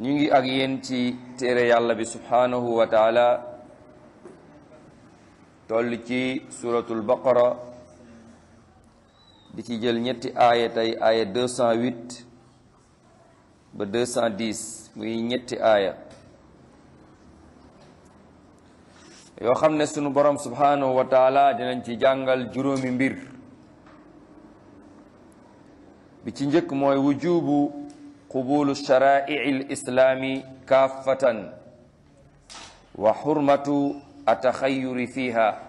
ñu ngi ak yéen ci téere yàlla bi subhaanahu wa taala toll ci suratul baqara bi ci jël ñetti aaya tey aaya ba 210 muy ñetti aaya yoo xam ne sunu borom subhaanahu wa dinañ ci jàngal juróomi mbir bi ci njëkk mooy wujubu قبول الشرائع الإسلام كافة وحرمة التخير فيها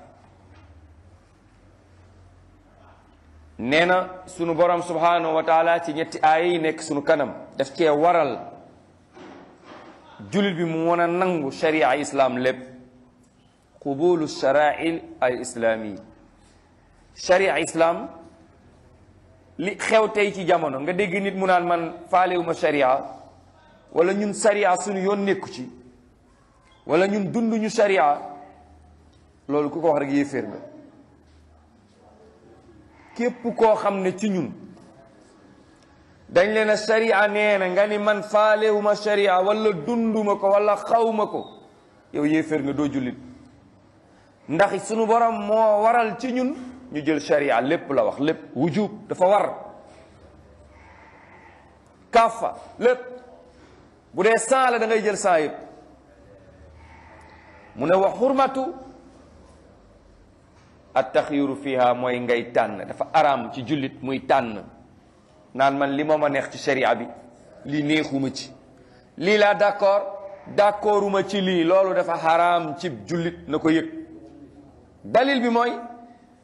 nee na sunu borom subhanahu wa taala ci ñetti aaya yi nekk sunu kanam daf cee waral jullit bi mu mën a nangu sharia islam lépp qubulu sharail al islami sharia li xew tey ci jamono nga dégg nit mu naan man faalewuma sharia walla ñun sharia suñu yoon nekku ci wala ñun dunduñu sharia loolu ku ko wax rek yéeféer nga képp koo xam ne ci ñun dañ leen a sharia nee na nga ni man faalewuma sharia wala dunduma ko wala xawma ko yow yéeféer nga doo jullit ndax sunu borom moo waral ci ñun ñu jël sharia lépp la wax lépp wujub dafa war kafa lépp bu dee cent la da jël cent yëpp mu ne wax xurmatu attaxiiru fiha mooy ngay tànn dafa araam ci jullit muy tànn naan man li moom a neex ci sharia bi lii neexuma ci lii laa d'accord d'accorduma ci lii loolu dafa xaraam ci jullit na ko yëg dalil bi mooy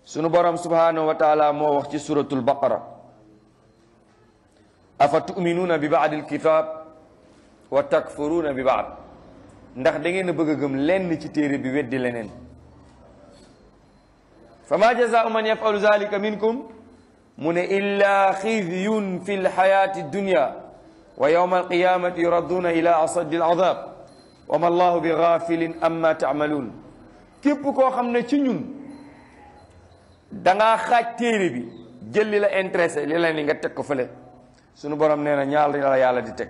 sunu borom subhanahu wa taala moo wax ci suratul baqara afa tuminuuna bi baadil kitaab wa takfuruuna bi baad ndax da ngeen a bëgg a gëm lenn ci téere bi weddi leneen fa ma jazaau man yafalu zalika minkum mu ne illa xizyun fi lxayaati dunya wa yowma alqiyamati yuradduuna ila asaddi alazab wa ma allahu bi gafilin amma taamaluun képp koo xam ne ci ñun da ngaa xaaj téere bi jël li la intéressé li la ni nga teg ko fële sunu borom nee na ñaar la yàlla di teg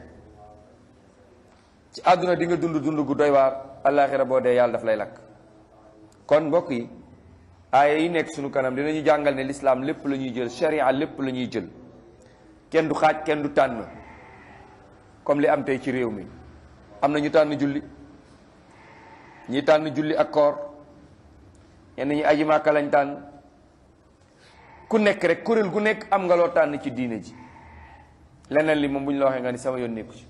ci àdduna di nga dund dund gu doy waa àllaaxira boo dee yàlla daf lay lakk kon mbokk yi aaya yi nekk sunu kanam dinañu jàngal ne lislaam lépp la ñuy jël sharia lépp lañuy ñuy jël kenn du xaaj kenn du tànn comme li am tey ci réew mi am na ñu tànn julli ñi tànn julli ak koor ñenn ñi aji màkka lañ tànn ku nekk rek kuréel gu nekk am nga loo tànn ci diine ji leneen li moom bu ñu la waxee nga ni sama yoon nekku ci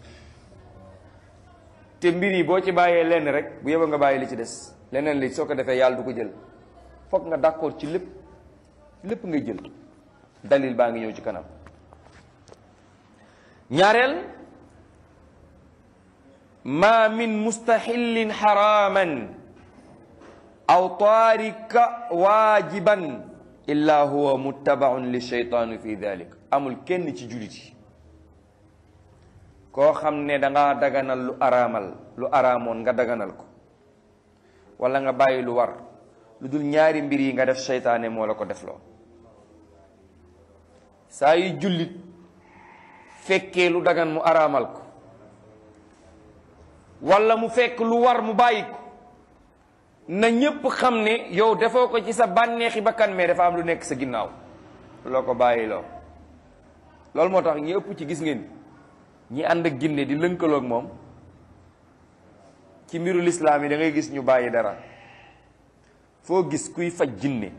te mbir yi boo ci bàyyee lenn rek bu yeboo nga bàyyi li ci des leneen li soo ko defee yàlla du ko jël foog nga d'accord ci lépp lépp nga jël dalil baa ngi ñëw ci kanam ñaareel ma min mustahillin xaraman aw taarika waajiban illa huwa muttabaun li sheytaani fi dalik amul kenn ci jullit yi koo xam ne danga daganal lu araamal lu araamoon nga daganal ko wala nga bàyyi lu war lu dul ñaari mbir yi nga def seytaane moo la ko defloo saa yu jullit fekkee lu dagan mu araamal ko wala mu fekk lu war mu bàyyi na ñépp xam ne yow defoo ko ci sa bànneexi bakkan mais dafa am lu nekk sa ginnaaw loo ko bàyyi loo loolu moo tax ñi ëpp ci gis ngeen ñi ànd ak ginne di lënkaloog moom ci mbiru lislaam yi dangay gis ñu bàyyi dara foo gis kuy faj jinne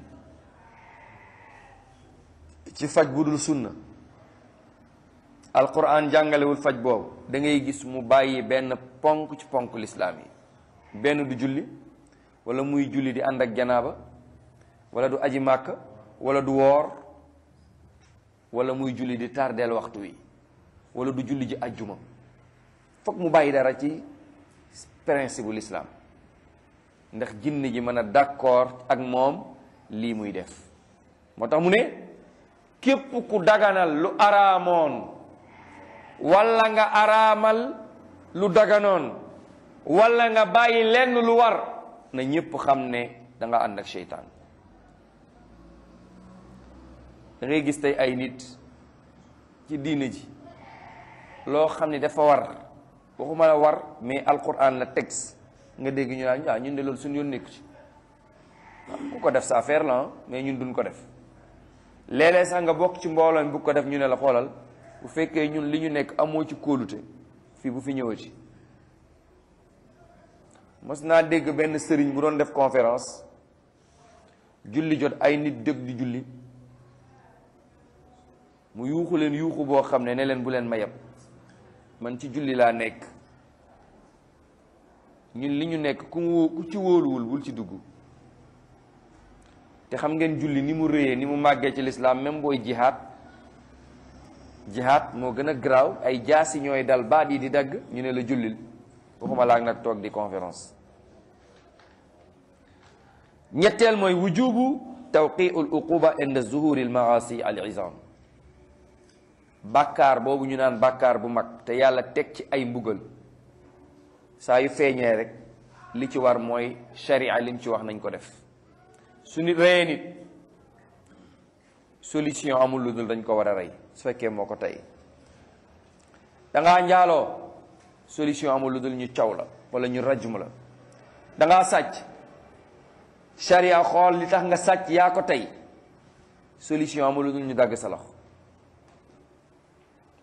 ci faj bu dul sunna alquran jàngalewul faj boobu dangay gis mu bàyyi benn ponk ci ponk lislaam yi benn du julli wala muy julli di ànd ak janaaba wala du aji màkk walla du woor wala muy julli di tardeel waxtu wi wala du julli ji ajjuma foog mu bàyyi dara ci principe bu ndax jinne ji mën a d'accord ak moom lii muy def moo tax mu ne képp ku daganal lu araamoon wala nga araamal lu daganoon wala nga bàyyi lenn lu war na ñëpp xam ne danga ànd ak seytaan dangay gis tey ay nit ci diine ji loo xam ne dafa war waxuma la war mais alquran la texte nga dégg ñu naan waaw ah, ñun de loolu suñu yoon nekku ci ah, ku ko def sa affaire la mais ñun duñ ko def léeg-léeg sax nga bokk ci mbooloo mi ko def ñu ne la xoolal bu fekkee ñun li ñu nekk amoo ci kóolute fii bu fi ñëwati mos naa dégg benn sëriñ bu doon def conférence julli jot ay nit dëb di julli mu yuuxu leen yuuxu boo xam ne ne leen bu leen ma yab man ci julli laa nekk ñun li ñu nekk ku ci wóoluwul wul ci dugg te xam ngeen julli ni mu réyee ni mu màggee ci lislaam même booy jihaat jihaat moo gën a garaaw ay jaasi ñooy dal baat yi di dagg ñu ne la jullil waxuma laak nag toog di conférence ñetteel mooy wujubu tawqiu l uquba inda zuhuri l maasi al izam bàkkaar boobu ñu naan bàkkaar bu mag te yàlla teg ci ay mbugal saa yu feeñee rek li ci war mooy sharia lim ci wax nañ ko def su nit reyee nit solution amul lu dul dañ ko war a rey su fekkee moo ko tey dangaa njaaloo solution amul lu dul ñu caw la wala ñu rajm la dangaa sàcc charia xool li tax nga sàcc yaa ko tey solution amul lu ñu dagg sa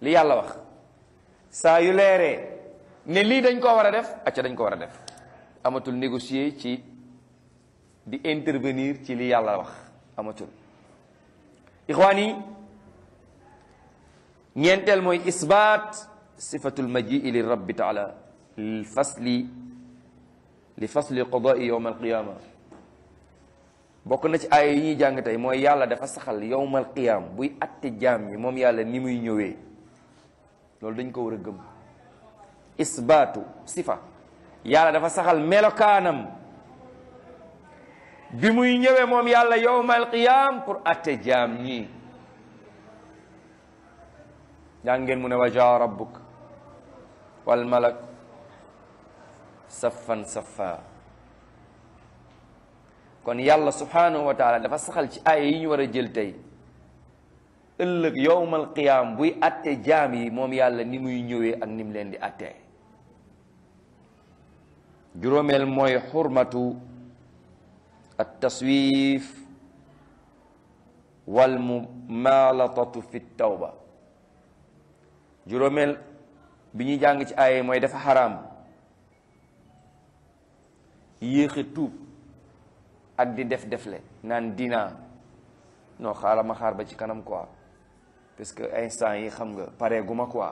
li yàlla wax saa yu leeree ne lii dañ koo war a def acca dañ ko war a def amatul négocier ci di intervenir ci li yàlla wax amatul ixwaan yi ñeenteel mooy isbaat sifatul majii li rab taala li fasli li fasli qadai yowm alqiyama bokk na ci aaya yi jàng tey mooy yàlla dafa saxal yowmal qiyaam buy atte jaam ñi moom yàlla ni muy ñëwee loolu dañ ko war a gëm isbaatu sifa yàlla dafa saxal melokaanam bi muy ñëwee moom yàlla yowmal qiyaam pour atte jaam ñi jàng mu ne wajaa rabbuk wal malak saffan saffa kon yàlla subhanahu wa dafa saxal ci aaya yi ñu war a jël tey ëllëg yowmal qiyaam buy atte jaam yi moom yàlla ni muy ñëwee ak ni leen di attee juróomeel mooy xurmatu at taswif wal mumalatatu fi tawba juróomeel bi ñuy jàng ci aaya mooy dafa xaraam yéexe tuub ak di def defle naan dinaa noo xaaral ma xaar ba ci kanam quoi parce que instant yi xam nga pare gu ma quoi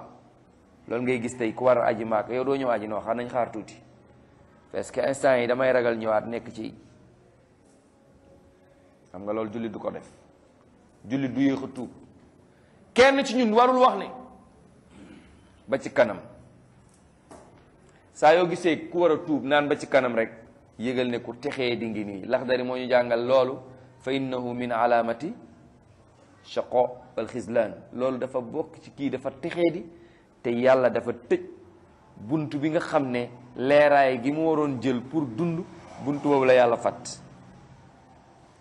loolu ngay gis tey ku war aji maak yow doo ñëw aji non xaar nañ xaar tuuti parce que instant yi damay ragal ñëwaat nekk ci xam nga loolu jullit du ko def jullit du yéex tuub kenn ci ñun warul wax ne ba ci kanam saa yoo gisee ku war a tuub naan ba ci kanam rek yëgal ne ku texee di ngi nii laxdari moo ñu jàngal loolu fa innahu min alaamati shaqo wal xislaan loolu dafa bokk ci kii dafa texe di te yàlla dafa tëj bunt bi nga xam ne leeraay gi mu waroon jël pour dund bunt boobu la yàlla fàtt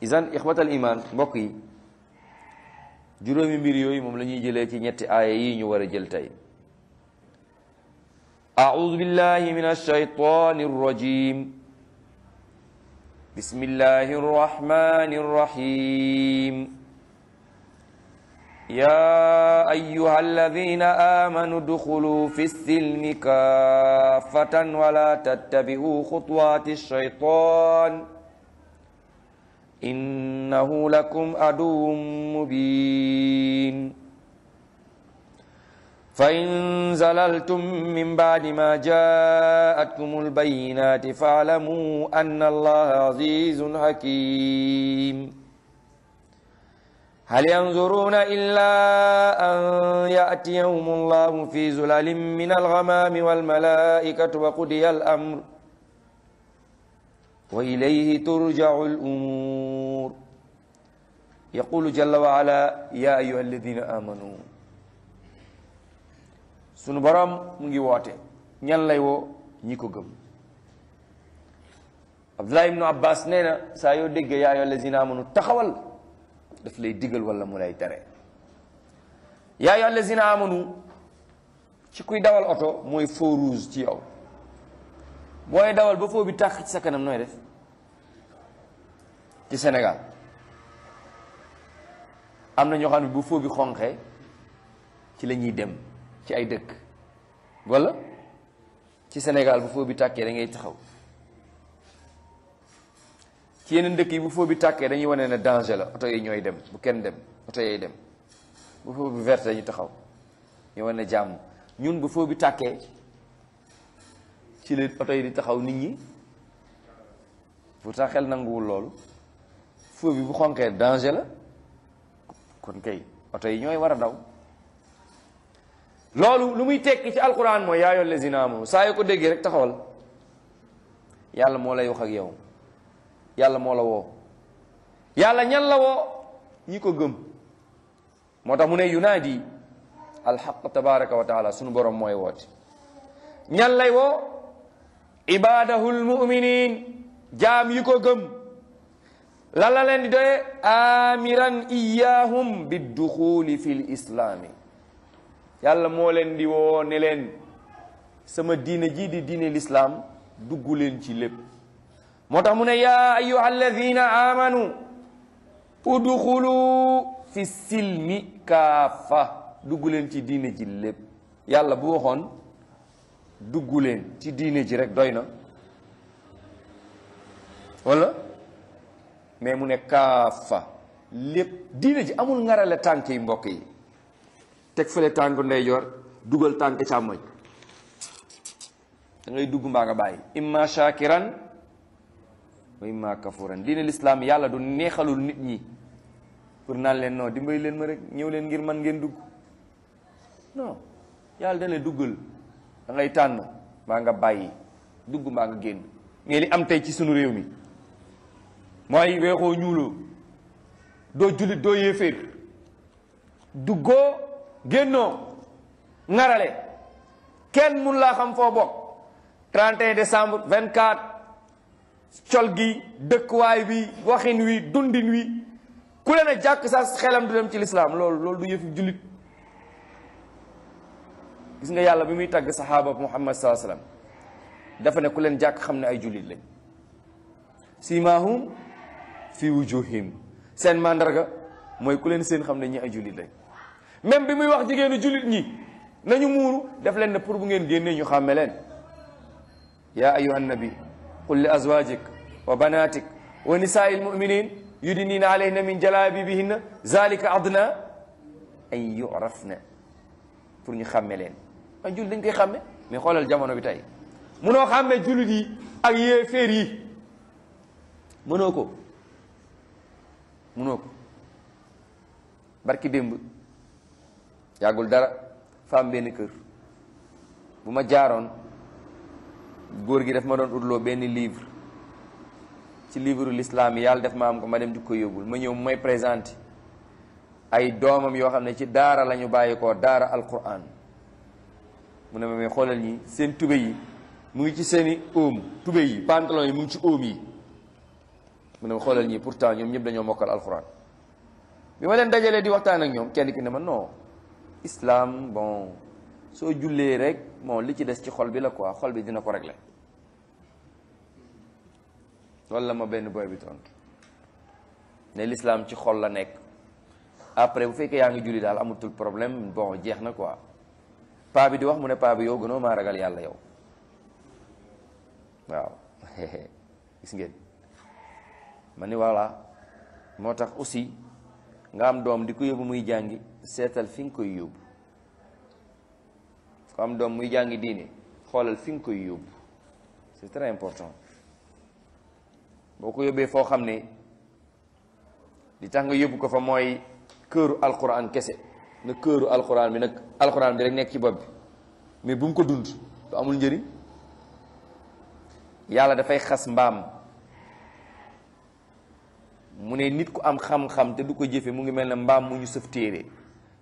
isan ixwatal iman mbokk yi juróomi mbir yooyu moom la ñuy jëlee ci ñetti aaya yi ñu war a jël tey aoudu billahi min alshaytani arrajim بسم الله الرحمن الرحيم يا أيها الذين آمنوا ادخلوا في السلم كافة ولا تتبعوا خطوات الشيطان إنه لكم عدو مبين فإن زللتم من بعد ما جاءتكم البينات فاعلموا أن الله عزيز حكيم هل ينظرون إلا أن يأتيهم الله في زلل من الغمام والملائكة وقضي الأمر وإليه ترجع الأمور يقول جل وعلا يا أيها الذين آمنوا sunu boroom mu ngi woote ñan lay woo ñi ko gëm abdullah ibnu abbas nee na saa yoo déggee yaa ayyuha allazina amanu taxawal daf lay diggal walla mu lay tere yaa ayyuha allazina amanu ci kuy dawal oto mooy feu rouge ci yow booy dawal ba foo bi tàkk ci sa kanam nooy def ci Sénégal am na ñoo xam ne bu foo bi ci la ñuy dem ci ay dëkk wala ci Sénégal bu foo bi tàkkee da ngay taxaw ci yeneen dëkk yi bu foo bi tàkkee dañuy wane ne danger la oto yi ñooy dem bu kenn dem oto yooyu dem bu foo bi verte dañuy taxaw ñu wane ne jàmm ñun bu foo bi tàkkee ci la oto yi di taxaw nit ñi pourtant xel nanguwul loolu foo bi bu xonqee danger la kon kay oto yi ñooy war a daw loolu lu muy tekki ci alquran mooy yaa ayyuhal lazina amanu saa yoo ko déggee rek taxawal yàlla moo lay wax ak yow yàlla moo la woo yàlla ñan la woo ñi ko gëm moo tax mu ne yunaadi alxaq tabaraka wa sunu borom mooy woote ñan lay woo ibadahul muminin jaam yi ko gëm lan leen di doye amiran iyahum bidduxuli fi l islaami yàlla moo leen di woo ne leen sama diine ji di diine lislaam dugg leen ci lépp moo tax mu ne yaa ayuha alladina amanu udxulu fi silmi kaafa dugg leen ci diine ji lépp yàlla bu waxoon dugg leen ci diine ji rek doy na wala mais mu ne kaafa lépp diine ji amul ngarale tànk yi mbokk yi teg fële tànku ndeyjoor dugal tànk càmmoñ da ngay dugg mbaa nga bàyyi imma shakiran wa imma kafuran diine lislaam yàlla du neexalul nit ñi pour naan leen di dimbali leen ma rek ñëw leen ngir man ngeen dugg non yàlla dana duggal da tànn mbaa nga bàyyi dugg mbaa nga génn mais li am tey ci sunu réew mi mooy weexoo ñuuloo doo jullit doo yéeféer duggoo génnoo ngarale kenn mun laa xam foo bokk 31 décembre 24 col gi dëkkuwaay bi waxin wi dundin wi ku leen a jàkk sa xelam du dem ci lislaam loolu loolu du yëfi jullit gis nga yàlla bi muy tàgg saxaaba muhammad saa sallam dafa ne ku leen jàkk xam ne ay jullit lañ simaahum fi wujuhim seen mandarga mooy ku leen seen xam ne ñi ay jullit lañ même bi muy wax jigéenu jullit ñi nañu muuru def leen ne pour bu ngeen génnee ñu xàmme leen yaa ayuha nabi qul li azwajik wa banatik wa nisaai lmuminin yudinina alayhina min jalabibihinna zalika adna an yurafna pour ñu xàmme leen a jullit dañ koy xàmme mais xoolal jamono bi tey munoo xàmme jullit yi ak yee féer yi mënoo ko mënoo ko barki démb yàggul dara fa benn kër bu ma jaaroon góor gi daf ma doon utloo benn livre ci livre lislaam yi yàlla def ma am ko ma dem di ko yóbbul ma ñëw may présenté ay doomam yoo xam ne ci daara lañu ñu bàyyi ko daara alquran mu ne ma may xoolal ñi seen tube yi mu ngi ci seeni óom tube yi pantalon yi mu ngi ci óom yi mu ne ma xoolal ñi pourtant ñoom ñëpp dañoo mokkal alquran bi ma leen dajalee di waxtaan ak ñoom kenn ki ne ma non islaam bon soo jullee rek moom li ci des ci xol bi la quoi xol bi dina ko régler loolu la ma benn boy bi tontu ne lislaam ci xol la nekk après bu fekkee yaa ngi julli daal amatul problème bon jeex na quoi paa bi di wax mu ne paa bi yow gënoo maa ragal yàlla yow waaw gis ngeen ma ni voilà moo tax aussi nga am doom di ko yóbbu muy jàngi seetal fi nga koy yóbbu ku am doom muy jàngi diine xoolal fi nga koy yóbbu c'est très important boo ko yóbbee foo xam ne di tax nga yóbbu ko fa mooy këru alquran kese na këru alxuraan bi nag alquran bi rek nekk ci bopp bi mais bu mu ko dund du amul njëriñ yàlla dafay xas mbaam mu ne nit ku am xam-xam te du ko jëfe mu ngi mel ne mbaam mu ñu sëf téere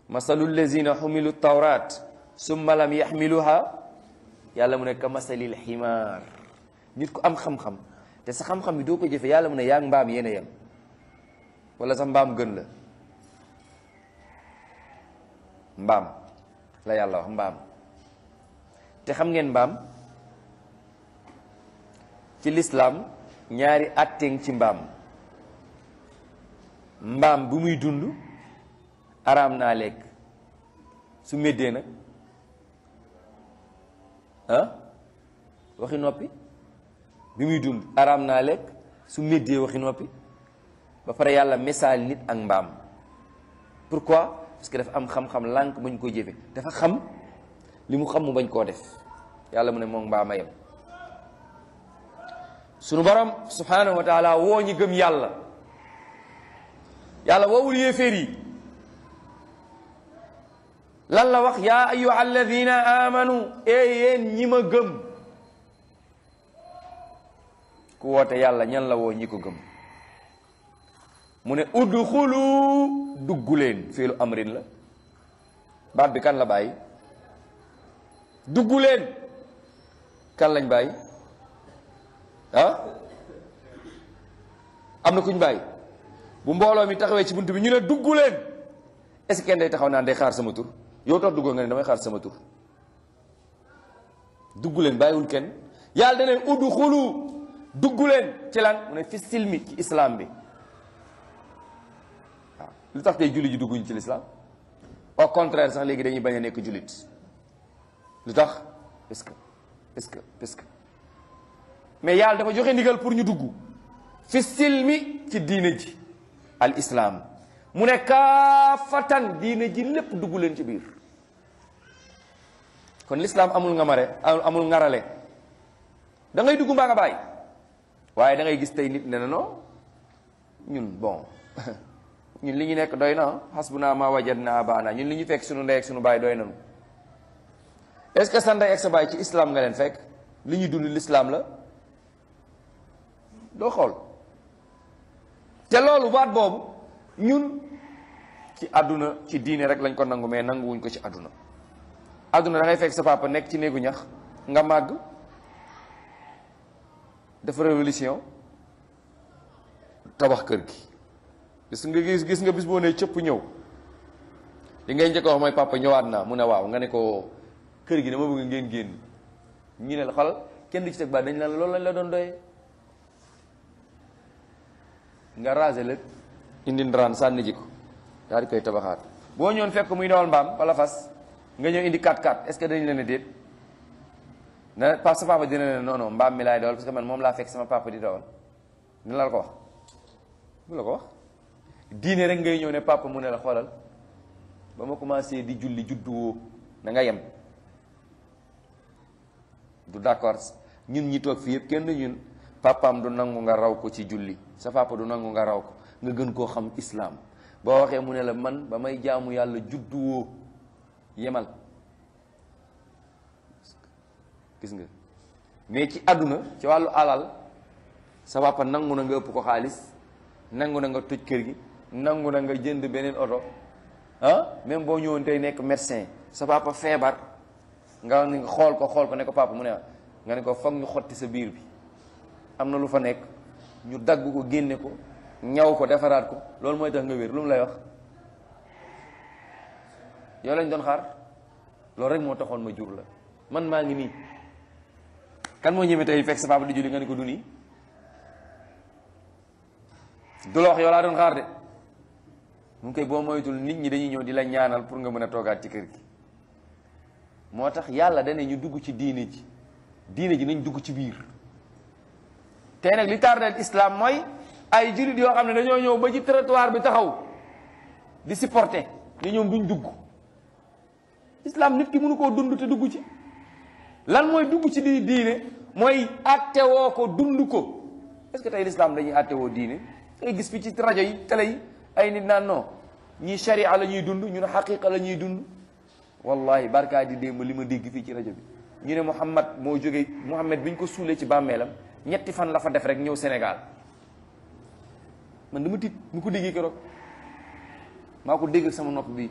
masalul lazina xumilu tawraat summa lam yaxmiluha yàlla mu nekk ka masalil ximaar nit ku am xam-xam te sa xam-xam bi doo ko jëfe yàlla mu ne yaa mbaam yéen a walla wala sa mbaam gën la mbaam la yàlla wax mbaam te xam ngeen mbaam ci lislaam ñaari àtteeng ci mbaam mbaam bu muy dund araam naa lekk su méddee nag ah waxi noppi bi muy dund araam naa lekk su méddee waxi noppi ba pare yàlla misaal nit ak mbaam pourquoi parce que dafa am xam-xam lànk bañ ko jëfe dafa xam li mu xam mu bañ koo def yàlla mu ne moom mbaam a yem sunu borom subhanahu woo ñi gëm yàlla yàlla woowul yéeféer yi lan la wax yaa ayyuha alladina amanu ee eh ñi ma gëm ku woote yàlla ñan la woo ñi ko gëm mu ne udxulu dugg leen fiilu amrin la baat bi kan la bàyyi dugg leen kan lañ bàyyi ah am na kuñ bàyyi bu mbooloo mi taxawee ci bunt bi ñu ne dugg leen est-ce kenn day taxaw naan day xaar sama tur yow tax duggoo nga ne damay xaar sama tur dugg leen bàyyiwul kenn yàlla daneen udd xulu dugg leen ci lan ne fi ci islam bi waaw lu tax tey julli ji dugguñu ci l'islam au contraire sax léegi dañuy bañ a nekk jullit lu tax parce que parce que parce que mais yàlla dafa joxe ndigal pour ñu dugg fi silmi ci diine ji al islaam mu ne kaafatan diine ji lépp dugg leen ci biir kon lislaam amul nga mare amul ngarale da ngay dugg mbaa nga bàyyi waaye da ngay gis tey nit ne na non ñun bon ñun li ñu nekk doy na naa ma wajadna naa ñun li ñu fekk suñu ndey ak suñu baay doy nanu est-ce que sa ndey ak sa baay ci islaam nga leen fekk li ñuy dund lislaam la doo xool te loolu waat boobu ñun ci àdduna ci diine rek lañ ko nangu mais nanguwuñ ko ci àdduna àdduna da ngay fekk sa papa nekk ci néegu ñax nga màgg dafa révolution tabax kër gi gis nga gis gis nga bis boo nee cëpp ñëw li ngay njëkk wax mooy papa ñëwaat naa mu ne waaw nga ne ko kër gi dama bëgg ngeen génn ñu ne la xolal kenn du ci teg baat dañ la loolu lañ la doon doyee nga raser lépp indi ndaraan sànni ji ko daal di koy tabaxaat boo ñëwoon fekk muy dawal mbaam wala fas nga ñëw indi 4-4 est-ce que dañu leen a déet na pa sa papa dina ne non mbaam mi laay dawal parce man moom laa fekk sama papa di dawal dina la ko wax diine rek ngay ñëw ne papa mu ne la xoolal ba ma commencé di julli judduwoo na nga yem du d'accord ñun ñi toog fii yëpp kenn ñun papaam du nangu nga raw ko ci julli sa papa du nangu nga raw ko nga gën koo xam islaam boo waxee mu ne la man ba may jaamu yàlla judduwoo yemal gis nga mais ci àdduna ci wàllu alal sa papa nangu na nga ëpp ko xaalis nangu na nga toj kër gi nangu na nga jënd beneen oto ah même boo ñëwoon tey nekk médecin sa papa feebar nga xool ko xool ko ne ko papa mu ne nga ne ko foog ñu xotti sa biir bi am na lu fa nekk ñu dagg ko génne ko ñaw ko defaraat ko loolu mooy tax nga wér lu mu lay wax yow lañ doon xaar loolu rek moo taxoon ma jur la man maa ngi nii kan moo ñëwee tey fekk sa papa di julli nga ne ko du nii du la wax yow laa doon xaar de mu koy boo moytul nit ñi dañuy ñëw di la ñaanal pour nga mën a toogaat ci kër gi moo tax yàlla dana ñu dugg ci diine ji diine ji nañ dugg ci biir tey nag li tardé islaam mooy ay jullit yoo xam ne dañoo ñëw ba ci trottoir bi taxaw di supporter ni ñoom duñ dugg islaam nit ki mënu koo dund te dugg ci lan mooy dugg ci di diine mooy attewoo ko dund ko parce que tey l'islam dañuy attewoo diine ngay gis fi ci rajo yi télé yi ay nit naan noo ñii sharia la ñuy dund ñu xaqiqa la ñuy dund wallahi barkaa di démb li ma dégg fii ci rajo bi ñu ne Muhammad moo jógee Muhammad bi ñu ko suulee ci bàmmeelam ñetti fan la fa def rek ñëw Sénégal man dama tiit mu ko déggee keroog maa ko dégg sama nopp bi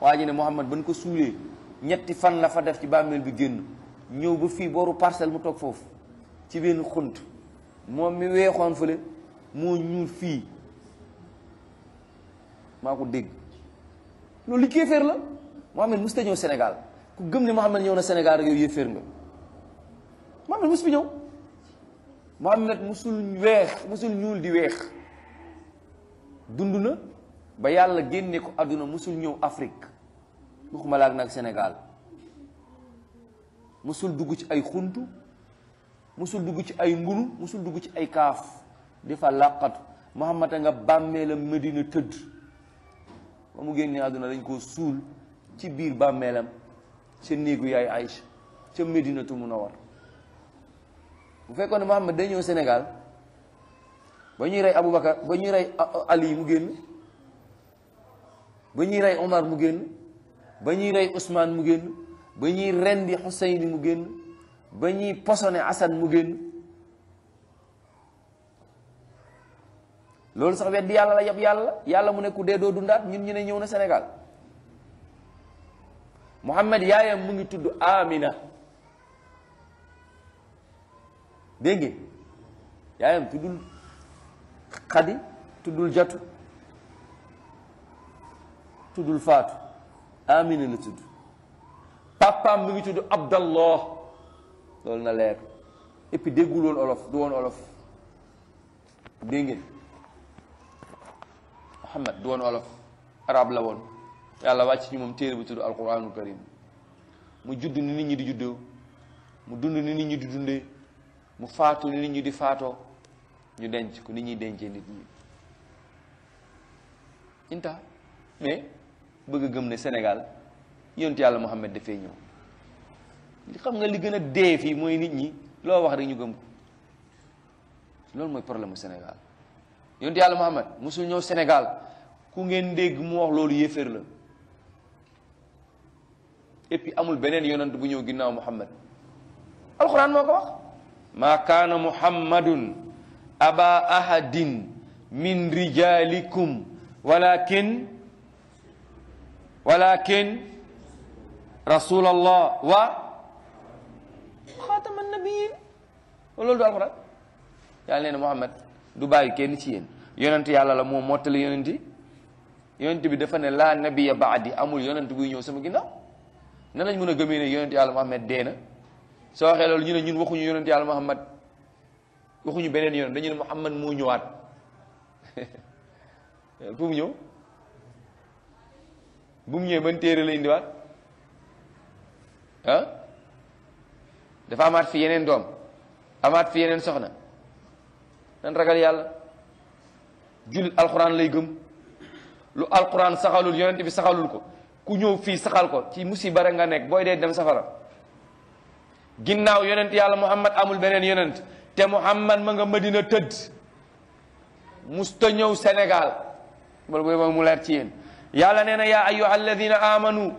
waa ji ne Mouhamad ba ñu ko suulee ñetti fan la fa def ci bàmmeel bi génn ñëw ba fii booru parcelle mu toog foofu ci benn xunt moom mi weexoon fële moo ñuul fii maa ko dégg loolu li kéeféer la Mouhamad mosut a ñëw Sénégal ku gëm ne Mouhamad ñëw na Sénégal rek yow yéeféer nga Mohamed mosu ñëw Mohamed mosul weex mosul ñuul di weex dund na ba yàlla génne ko àdduna mosul ñëw Afrique waxuma laag nag Sénégal mosul dugg ci ay xunt mosul dugg ci ay mbunu mosul dugg ci ay kaaf di fa làqatu Mohamed a nga bàmmee Medina tëdd ba mu génnee àdduna dañ ko suul ci biir bàmmeelam ca néegu yaay Aïcha ca Medinatu Munawwar bu fekkoon ne Muhammad day ñëw Sénégal ba ñuy rey Aboubacar ba ñuy rey Ali mu génn ba ñuy rey Omar mu génn ba ñuy rey Ousmane mu génn ba ñuy rendi Hussein mu génn ba ñuy posone Assane mu génn loolu sax weddi yàlla la yab yàlla yàlla mu ne dee doo dundaat ñun ñu ne ñëw na Sénégal Muhammad yaayam mu ngi tudd Amina dégg ngeen yaayam tuddul xadi tuddul jatu tuddul faatu amina la tudd papaam mi ngi tudd abdallah loolu na leer et déggul woon olof du woon olof dégg ngeen muhammad la woon yàlla wàcc ñu moom téere bu tudd mu judd ni nit ñi di juddoo mu dund ni nit ñi di dundee mu faatu nit ñi di faatoo ñu denc ko nit ñuy dencee nit ñi inta mais bëgg a gëm ne Sénégal yonent yàlla Muhammad dafay ñëw li xam nga li gën a dee fii mooy nit ñi loo wax rek ñu gëm ko loolu mooy problème mu Sénégal yonent yàlla Muhammad mosul ñëw Sénégal ku ngeen dégg mu wax loolu yéeféer la et amul beneen yonent bu ñëw ginnaaw Muhammad alxuraan moo ko wax ma kaana muhammadun aba ahadin min rijalikum walakin walakin rasulallah wa xaatama nabiyin loolu du alxuraan yàlla nee na muhammad du bàyyi kenn ci yéen yonent yàlla la moom mottali yonenti yonent bi dafa ne laa nabiya baadi amul yonent buy ñëw sama ginnaaw nan lañ mën a gëmee ne yonent yàlla muhammad dee na soo waxee loolu ñu ne ñun waxuñu yonent yàlla muhammad waxuñu beneen yoon dañu ne muhammad moo ñëwaat fu mu ñëw bu mu ñëwee ban téere la indiwaat dafa amaat fi yeneen doom amaat fi yeneen soxna nan ragal yàlla jullit alquran lay gëm lu alquran saxalul yonent bi saxalul ko ku ñëw fii saxal ko ci musiba rek nga nekk booy dee dem safara ginnaaw yonent yàlla muhammad amul beneen yonent te muhammad ma nga madina tëdd musta ñëw senegal bal booy ma mu leer ci yéen yàlla nee na yaa ayyuha alladina amanu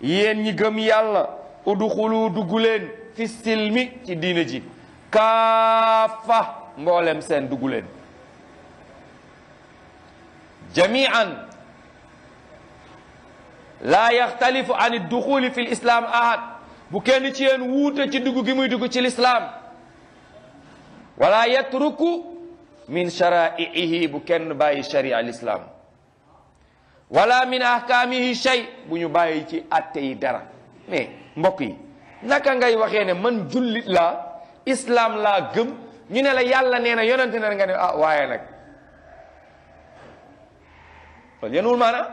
yéen ñi gëm yàlla udxulu dugg leen fi silmi ci diina ji kaafa mboolem seen dugg leen jamian laa yaxtalifu an duxuli fi l islam ahad bu kenn ci yéen wuute ci dugg gi muy dugg ci lislaam wala yatruku min sharaaihi bu kenn bàyyi sharia lislaam wala min ahkaamihi shay bu ñu bàyyi ci atte yi dara mais mbokk yi naka ngay waxee ne man jullit laa islaam laa gëm ñu ne la yàlla nee na yonente nga ne ah waaye nag loolu yenuwul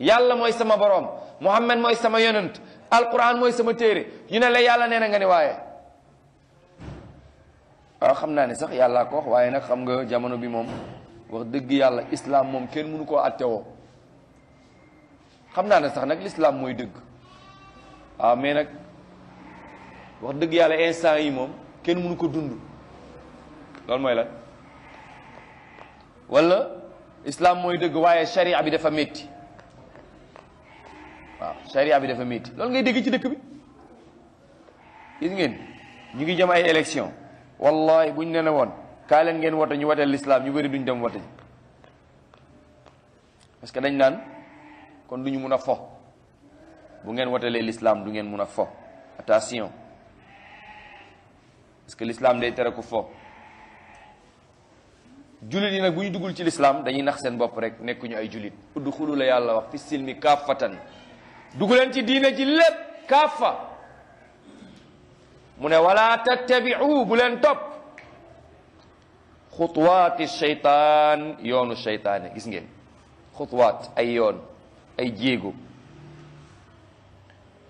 yàlla mooy sama borom muhammad mooy sama yonent alquran mooy sama téere ñu ne la yàlla nee na nga ne waaye waaw ah, xam naa ne sax yàllaa ko waaye nag xam nga jamono bi moom wax dëgg yàlla islam moom kenn mënu koo attewoo xam naa ne sax nag l'islam mooy dëgg waaw ah, mais nag wax dëgg yàlla yi moom kenn mënu ko dund loolu mooy lan wala islam mooy dëgg waaye sharia bi dafa metti waaw charia bi dafa métti loolu ngay dégg ci dëkk bi gis ngeen ñu ngi jëm ay élection wallahi buñ ne na woon kaay ngeen wote ñu woteel lislaam ñu bëri duñ dem wote ji que dañ naan kon ñu mun a fo bu ngeen wotelee lislaam du ngeen mun a fo attention parce que lislaam day tere ko fo jullit yi nag bu ñu duggul ci lislaam dañuy nax seen bopp rek nekkuñu ay jullit udd xulu la yàlla wax fi silmi kaafatan dugg leen ci diine ji lépp kaffa mu ne wala tattabiu bu leen topp xutwaati shaytaan yoonu shaytaane gis ngeen xutwaat ay yoon ay jéego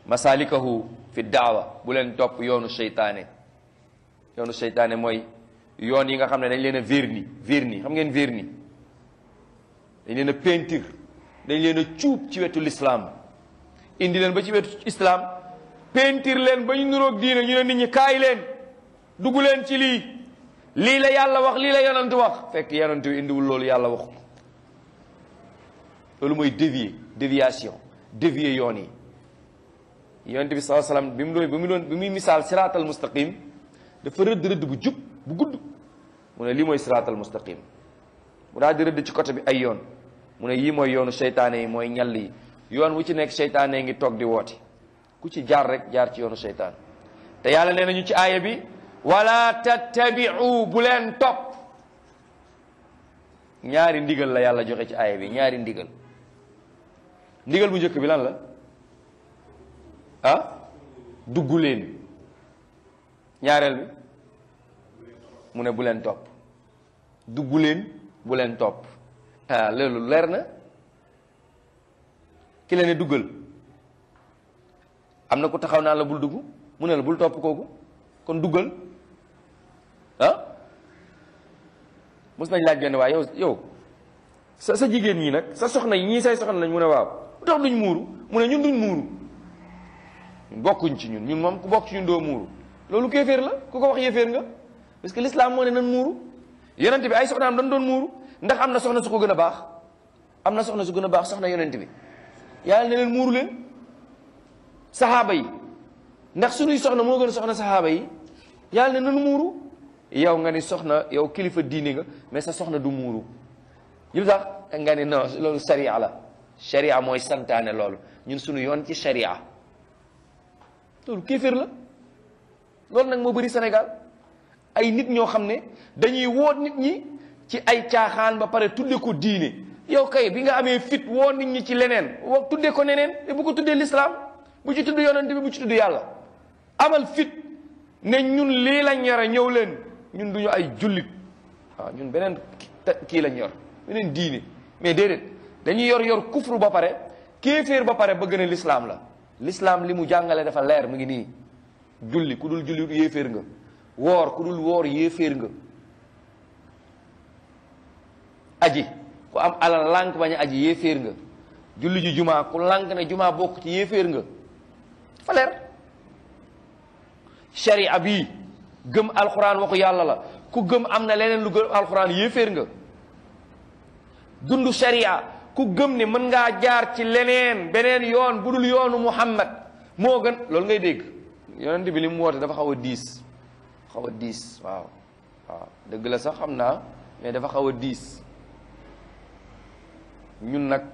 masalikahu fi daawa bu leen topp yoonu shaytaane yoonu shaytaane mooy yoon yi nga xam ne dañ leen a verni verni xam ngeen verni dañ leen a peinture dañ leen a cuub ci wetu lislaam indi leen ba ci wetu islaam peentir leen ba ñu nuroog diine ñu ne nit ñi kaay leen dugg leen ci lii lii la yàlla wax lii la yonent wax fekk yonent wi indiwul loolu yàlla waxu loolu mooy dévier déviation dévier yoon yi yonent bi sallallahu alayhi bi mu doon bi mu doon bi muy misaal siraatal mustaqim dafa rëdd rëdd bu jub bu gudd mu ne lii mooy siraatal mustaqim mu daal di rëdd ci côté bi ay yoon mu ne yii mooy yoonu seytaane yi mooy ñal yi yoon wu ci nekk seytaane ngi toog di woote ku ci jaar rek jaar ci yoonu seytaan te yàlla nee nañu ci aaya bi wala tattabiu bu leen topp ñaari ndigal la yàlla joxe ci aaya bi ñaari ndigal ndigal bu njëkk bi lan la ah dugg leen ñaareel bi mu ne bu leen topp dugg leen bu leen topp ah leer na ki la ne duggal am na ku taxaw naa la bul dugg mu ne la bul topp kooku kon duggal ah nañ laaj benn waaye yow yow sa sa jigéen ñi nag sa soxna yi ñii say soxna lañ mu ne waaw lu tax duñ muuru mu ne ñun duñ muuru ñun bokkuñ ci ñun ñun moom ku bokk ci ñun doo muuru loolu kéeféer la ku ko wax yéeféer nga parce que l'islam moo ne nan muuru yonent bi ay soxnaam dañ doon muuru ndax am na soxna su ko gën a baax am na soxna su gën a baax soxna yonent bi yàlla na leen muur leen saxaaba yi ndax suñuy soxna moo gën a soxna saxaaba yi yàlla ne nanu muuru yow nga ni soxna yow kilifa diini nga mais sa soxna du muuru yil sax nga ni non loolu sharia la sharia mooy santaane loolu ñun suñu yoon ci sharia loolu kéefér la loolu nag moo bari senegal ay nit ñoo xam ne dañuy woot nit ñi ci ay caaxaan ba pare tudde ko diine yow kay bi nga amee fit woo nit ñi ci leneen wa tuddee ko neneen te bu ko tuddee lislaam bu ci tudd yonent bi bu ci tudd yàlla amal fit ne ñun lii lañ yore ñëw leen ñun duñu ay jullit waaw ah, ñun beneen kii lañ yor beneen diine mais déedéet dañuy yor yor kufru ba pare kéeféer ba pare bëgg ne lislaam la lislaam li mu jàngale dafa leer mu ngi nii julli ku dul julli yéeféer nga woor ku dul woor yéeféer nga aji ku am alal lànk bañ a aji yéeféer nga julli ji jumaa ku lànk ne jumaa bokk ci yéeféer nga fa leer sharia bii gëm alxuraan waxu yàlla la ku gëm am na leneen lu gë alxuraan yéeféer nga dund sharia ku gëm ni mën ngaa jaar ci leneen beneen yoon bu dul yoonu muhammad moo gën loolu ngay dégg yonent bi li mu woote dafa xaw a diis xaw a diis waaw dëgg la sax xam naa mais dafa xaw a diis ñun nag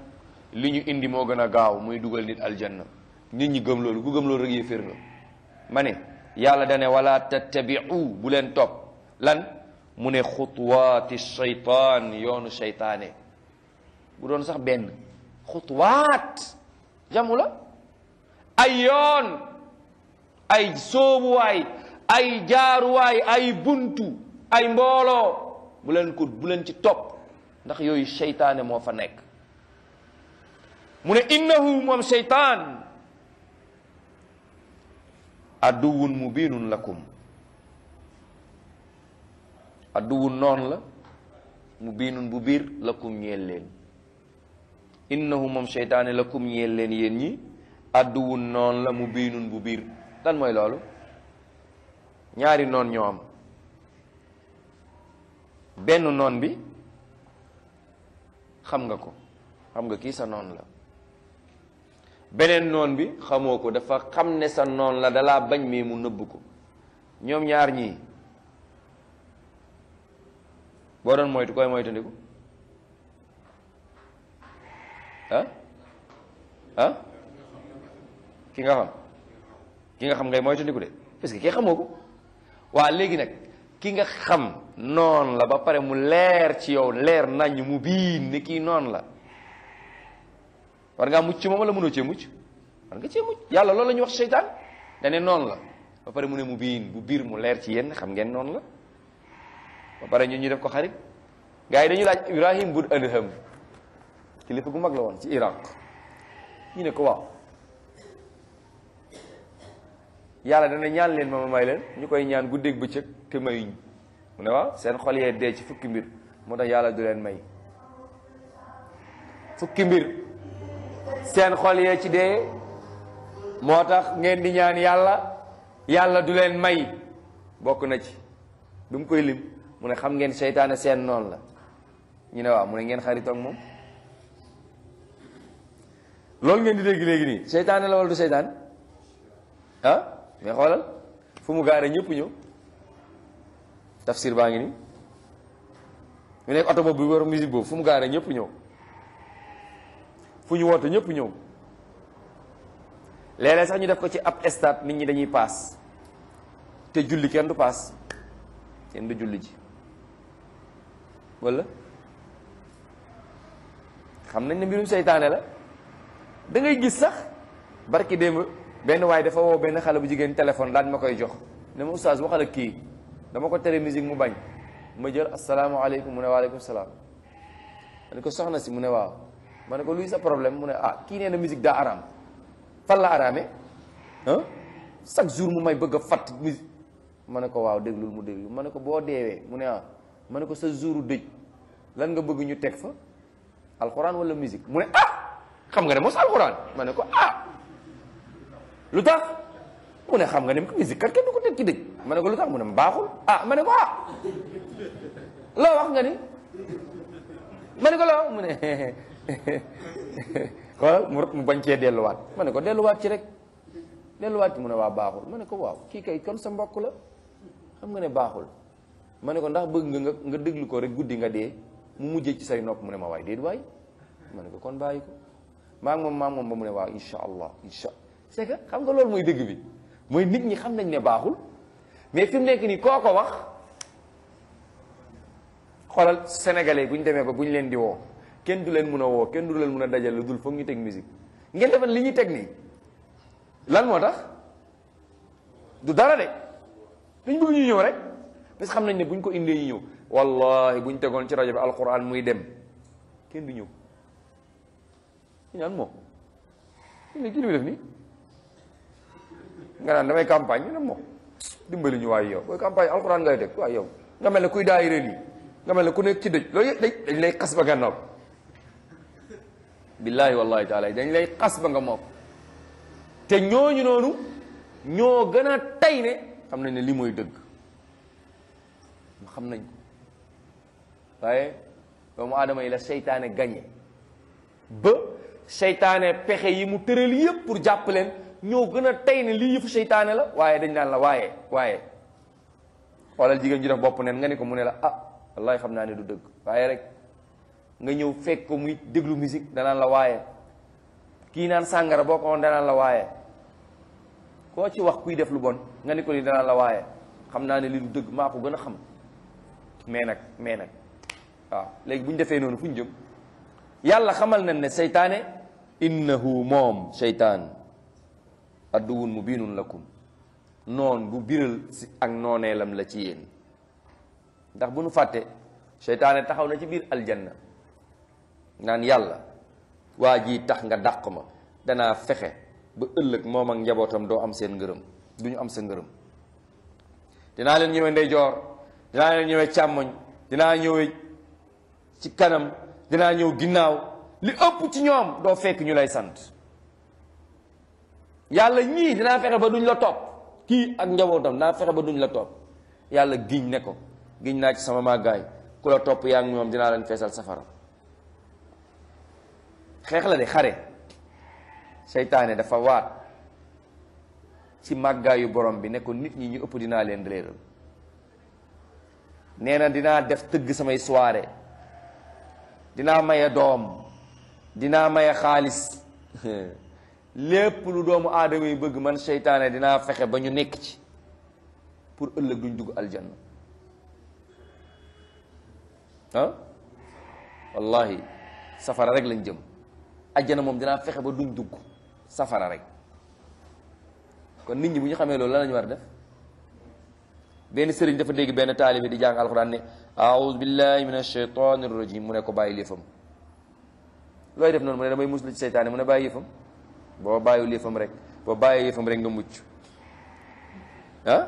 li ñu indi moo gën a gaaw muy dugal nit aljanna nit ñu gëm loolu ku gëm loolu rek yéeféer nga ma ne yàlla dane wala tattabiu bu leen topp lan mu ne xutwaati shaytaan yoonu shaytaane bu doon sax benn xutwaat jamu la ay yoon ay soobuwaay ay jaaruwaay ay buntu ay mbooloo bu kut buleen ci topp ndax yooyu shaytaane moo fa nekk mu ne innahu moom seytaan adduwun mubinun lakum adduwun noon la mubinun bu biir lakum ñeel leen innahu moom seytaane lakum ñeel leen yéen ñi adduwun noon la mubinun bu biir lan mooy loolu ñaari noon ñoo am benn noon bi xam nga ko xam nga kii sa noon la beneen noon bi xamoo ko dafa xam ne sa noon la dalaa bañ mais mu nëbb ko ñoom ñaar ñii boo doon moytu koy moytandiku ah ah ki nga xam ki nga xam ngay moytandiku de parce que kii xamoo ko waa léegi nag ki nga xam noon la ba pare mu leer ci yow leer nañ mu biin ne kii noon la war ngaa mucc ci moom la mënoo cee mucc war nga cee mucc yàlla lool lañu wax seytaan dane noonu la ba pare mu ne mu biin bu biir mu leer ci yéen xam ngeen noonu la ba pare ñun ñu def ko xarit gars yi dañu laaj Ibrahim bun Adham kilifa gu mag la woon ci Iraq ñu ne ko waaw yàlla dana ñaan leen ma may leen ñu koy ñaan guddeeg bëccëg te mayuñ mu ne waaw seen xol yee dee ci fukki mbir moo tax yàlla du leen may fukki mbir seen xol yee ci de moo tax ngeen di ñaan yàlla yàlla du leen may bokk na ci du mu koy lim mu ne xam ngeen seytaane seen noon la ñu ne waaw mu ne ngeen xaritoog moom loolu ngeen di dégg léegi nii seytaane la wala du seytaan ah mais xoolal fu mu gaare ñëpp ñëw tafsir baa ngi nii mu nekk oto boobu bi war musique boobu fu mu gaare ñëpp ñëw fu ñu woote ñëpp ñëw léeg sax ñu def ko ci ab stade nit ñi dañuy paas te julli kenn du paas kenn du julli ji walla xam nañ ne mbirum seytaane la dangay gis sax barki démb benn waaye dafa woo benn xale bu jigéen téléphone daan ma koy jox ne ma oustaz waxal ak kii dama ko tere musique mu bañ ma jël asalaamaaleykum mu ne waaleykum salaam ko soxna si mu ne waaw mane ko luy sa problème mu ne ah kii nee na musique daa araam fan la araamee ah chaque jour mu may bëgg a fatt musique ma ne ko waaw déglul mu déglu ma ne ko boo deewee mu ne ah ma ne ko sa jouru dëj lan nga bëgg ñu teg fa alxuraan wala musique mu ne ah xam nga ne mos alxuraan ma ne ko ah lu tax mu ne xam nga ne musique kat kenn ko teg ci dëj ma ne ko lu tax mu ne baaxul ah ma ne ko ah loo wax nga ni ma ne ko loo mu ne xoolal mu bañ cee delluwaat ma ne ko delluwaat ci rek delluwaat ci mu ne waa baaxul ma ne ko waaw kii kay kon sa mbokk la xam nga ne baaxul ma ne ko ndax bëgg nga nga déglu ko rek guddi nga dee mu mujjee ci say nopp mu ne ma waay déet waay ma ne ko kon bàyyi ko maa ngi moom maa moom ba mu ne waa insha allah insha c'est que xam nga loolu mooy dëgg bi mooy nit ñi xam nañ ne baaxul mais fi mu nekk nii koo ko wax xoolal sénégalais bu ñu demee ba bu ñu leen di woo kenn du leen mun a woo kenn du leen mun a dajal lu dul foog ñu teg musique ngeen defan li ñuy teg nii lan moo tax du dara de duñ bëgg ñu ñëw rek parce xam nañ ne buñ ko indee ñu ñëw wallahi buñ tegoon ci rajo bi alquran muy dem kenn du ñëw ñu naan moom ñu la kii def nii nga naan damay campagne ñu ne moom dimbali ñu waaye yow booy campagne alquran ngay teg waaye yow nga mel ne kuy daayira lii nga mel ne ku nekk ci dëj loolu yëpp dañ lay xas ba gànnaaw billahi wallahi taala yi dañ lay xas ba nga mook te ñooñu noonu ñoo gën a tey ne xam nañ ne lii mooy dëgg xam nañ ko waaye doomu aadama yi la seytaane gañe ba seytaane pexe yi mu tëral yëpp pour jàpp leen ñoo gën a tey ne lii yëfu seytaane la waaye dañ naan la waaye waaye xoolal jigéen ju def bopp neen nga ni ko mu ne la ah wallahi xam naa ne du dëgg waaye rek nga ñëw fekk ko muy déglu musique danaan la waaye kii naan sàngara boo ko woon danaan la waaye koo ci wax kuy def lu bon nga ni ko li danaan la waaye xam naa ne li du dëgg maa ko gën a xam mais nag mais nag waaw léegi bu ñu defee noonu fu ñu jëm yàlla xamal na ne seytaane innahu moom seytaan adduwun mubinun lakum noon bu biral si ak nooneelam la ci yéen ndax bu nu fàtte seytaane taxaw na ci biir aljanna naan yàlla waa jii tax nga dàq ma danaa fexe ba ëllëg moom ak njabootam doo am seen ngërëm du ñu am sa ngërëm dinaa leen ñëwee ndeyjoor dinaa leen ñëwee càmmoñ dinaa ñëwee ci kanam dinaa ñëw ginnaaw li ëpp ci ñoom doo fekk ñu lay sant yàlla ñii dinaa fexe ba duñ la topp kii ak njabootam dinaa fexe ba duñ la topp yàlla giñ ne ko giñ naa ci sama màggaay ku la topp yaa ngi ñoom dinaa leen feesal safara xeex la de xare seytaane dafa waat ci màggaayu borom bi ne ko nit ñi ñu ëpp dinaa leen réeral nee na dinaa def tëgg samay soirée dinaa maye doom dinaa maye xaalis lépp lu doomu aadama yi bëgg man seytaane dinaa fexe ba ñu nekk ci pour ëllëg duñ dugg aljanna ah wallahi safara rek lañ jëm ajjana moom danaa fexe ba duñ dugg safara rek kon nit ñi bu ñu xamee loolu lan la ñu war def benn sëriñ dafa dégg benn taalibe di jàng alxuraan ne aoudu billahi min ashaytani rajim mu ne ko bàyyi léefam looy def noonu mu ne damay muslu ci seytaane mu ne bàyyi léefam boo bàyyi léefam rek boo bàyyi léefam rek nga mucc ah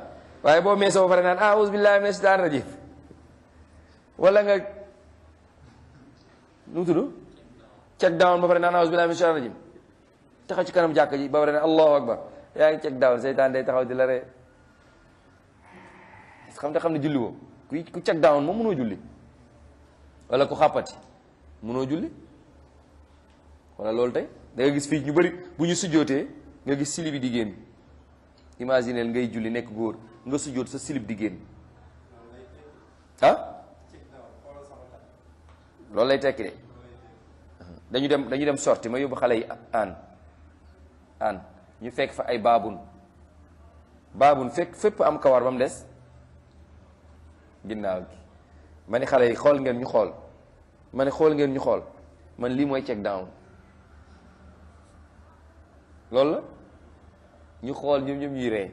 waaye boo meesoo ba pare naan aoudu billahi min ashaytani rajim wala nga nu check down ba pare naan auzu billahi min shaytan rajim taxaw ci kanam jàkk ji ba pare ne allahu akbar yaa ngi check down seytaan day taxaw di la ree xam te xam ne julli woo ku ku check down moom mënoo julli wala ku xàppati mënoo julli wala loolu tey da gis fii ñu bëri bu ñu sujjootee nga gis silib bi di génn imagineel ngay julli nekk góor nga sujjoot sa silib di génn ah lay tekki de dañu dem dañu dem sorti ma yóbbu xale yi aan aan ñu fekk fa ay baabun baabun fekk fépp am kawar ba mu des ginnaaw gi ma ni xale yi xool ngeen ñu xool ma ni xool ngeen ñu xool man lii mooy check down loolu la ñu xool ñoom ñu ñuy ree